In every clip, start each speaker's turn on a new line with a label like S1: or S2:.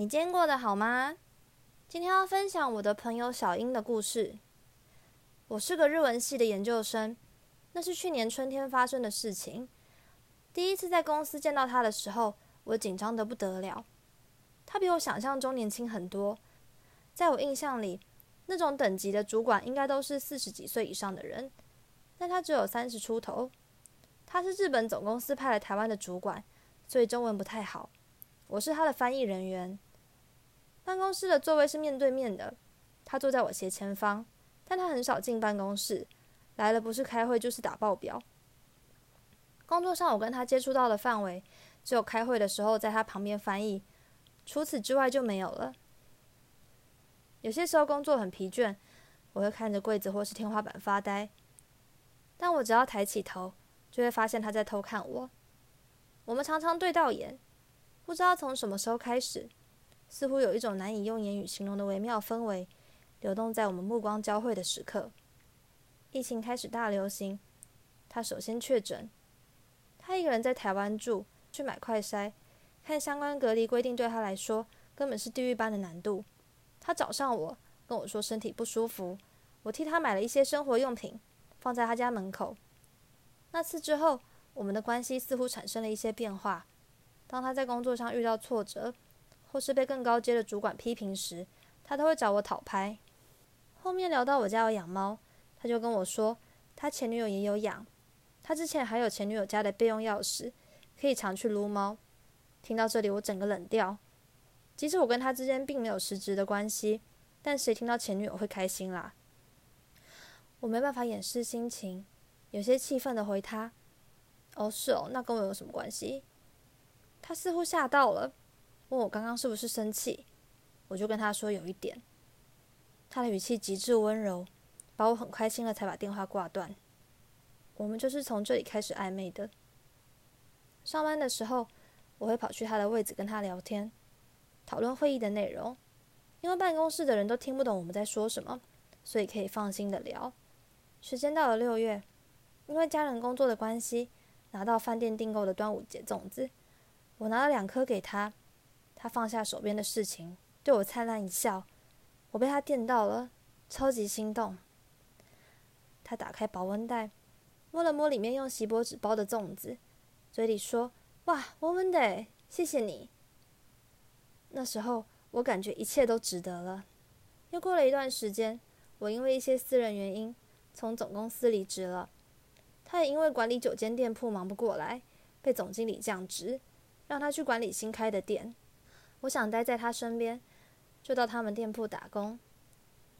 S1: 你今天過得好嗎？今天要分享我的朋友小英的故事。我是個日文系的研究生，那是去年春天發生的事情。第一次在公司見到他的時候，我緊張得不得了。他比我想象中年輕很多，在我印象裡，那種等級的主管應該都是四十幾歲以上的人，但他只有三十出頭。他是日本總公司派來台灣的主管，所以中文不太好。我是他的翻譯人員。辦公室的座位是面對面的，他坐在我斜前方，但他很少進辦公室，來了不是開會就是打報表。工作上我跟他接觸到的範圍，只有開會的時候在他旁邊翻譯，除此之外就沒有了。有些時候工作很疲倦，我會看着櫃子或是天花板發呆，但我只要抬起頭，就會發現他在偷看我。我們常常對到眼，不知道從什麼時候開始。似乎有一種難以用言語形容的微妙氛圍，流動在我們目光交匯的時刻。疫情開始大流行，他首先確診。他一個人在台灣住，去買快篩，看相關隔離規定對他來說根本是地獄般的難度。他找上我，跟我說身體不舒服，我替他買了一些生活用品，放在他家門口。那次之後，我們的關係似乎產生了一些變化。當他在工作上遇到挫折，或是被更高階的主管批評時，他都會找我討拍。後面聊到我家有養貓，他就跟我說他前女友也有養，他之前還有前女友家的備用鑰匙，可以常去擼貓。聽到這裡，我整個冷掉。即使我跟他之間並沒有實質的關係，但誰聽到前女友會開心啦？我沒辦法掩飾心情，有些氣憤的回他：“哦，是哦，那跟我有什麼關係？”他似乎嚇到了。問我剛剛是不是生氣？我就跟他說有一點。他的語氣極致溫柔，把我很開心了才把電話掛斷。我們就是從這裡開始曖昧的。上班的時候，我會跑去他的位置跟他聊天，討論會議的內容。因為辦公室的人都聽不懂我們在說什麼，所以可以放心的聊。時間到了六月，因為家人工作的關係，拿到飯店訂購的端午節粽子，我拿了兩顆給他。他放下手邊的事情，對我燦爛一笑，我被他電到了，超級心動。他打開保溫袋，摸了摸裡面用錫箔紙包的粽子，嘴裡說：“哇，溫溫的，謝謝你。”那時候我感覺一切都值得了。又過了一段時間，我因為一些私人原因從總公司離職了，他也因為管理九間店鋪忙不過來，被總經理降職，讓他去管理新開的店。我想待在他身邊，就到他們店鋪打工。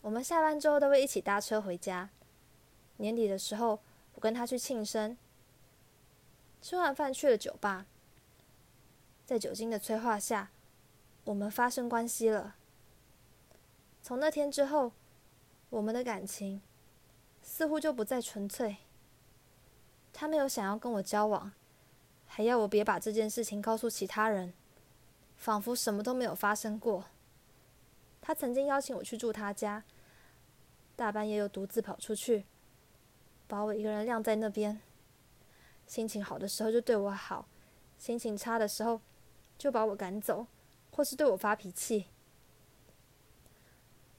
S1: 我們下班之後都會一起搭車回家。年底的時候，我跟他去慶生，吃完飯去了酒吧。在酒精的催化下，我們發生關係了。從那天之後，我們的感情似乎就不再純粹。他沒有想要跟我交往，還要我別把這件事情告訴其他人。仿佛什麼都沒有發生過。他曾經邀請我去住他家，大半夜又獨自跑出去，把我一個人晾在那邊。心情好的時候就對我好，心情差的時候就把我趕走，或是對我發脾氣，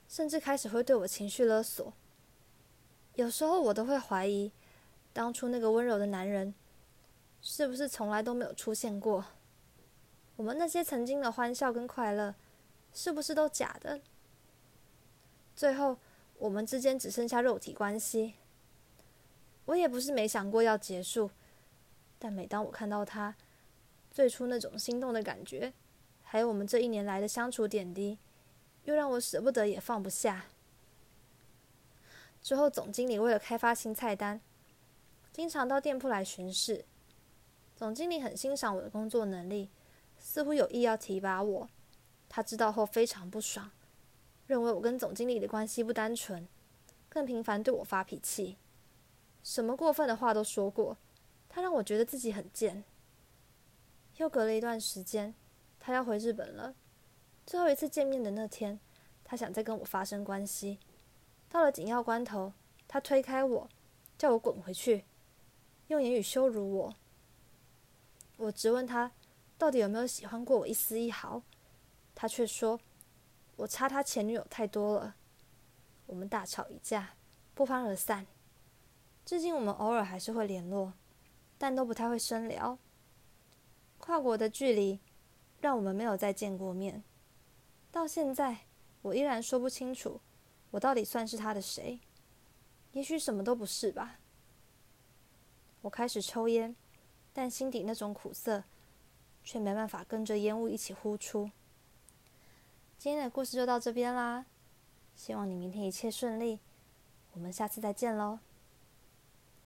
S1: 甚至開始會對我情緒勒索。有時候我都會懷疑，當初那個溫柔的男人，是不是從來都沒有出現過？我們那些曾經的歡笑跟快樂，是不是都假的？最後，我們之間只剩下肉體關係。我也不是沒想過要結束，但每當我看到他最初那種心動的感覺，還有我們這一年來的相處點滴，又讓我舍不得也放不下。之後，總經理為了開發新菜單，經常到店鋪來巡視。總經理很欣賞我的工作能力。似乎有意要提拔我，他知道後非常不爽，認為我跟總經理的關係不單純，更頻繁對我發脾氣，什麼過分的話都說過，他讓我覺得自己很賤。又隔了一段時間，他要回日本了，最後一次見面的那天，他想再跟我發生關係，到了緊要關頭，他推開我，叫我滾回去，用言語羞辱我。我質問他。到底有沒有喜歡過我一絲一毫？他卻說：“我差他前女友太多了。”我們大吵一架，不歡而散。至今我們偶爾還是會聯絡，但都不太會深聊。跨國的距離，讓我們沒有再見過面。到現在，我依然說不清楚，我到底算是他的誰？也許什麼都不是吧。我開始抽煙，但心底那種苦澀。卻沒辦法跟着煙霧一起呼出。今天的故事就到這邊啦，希望你明天一切順利。我們下次再見嘍。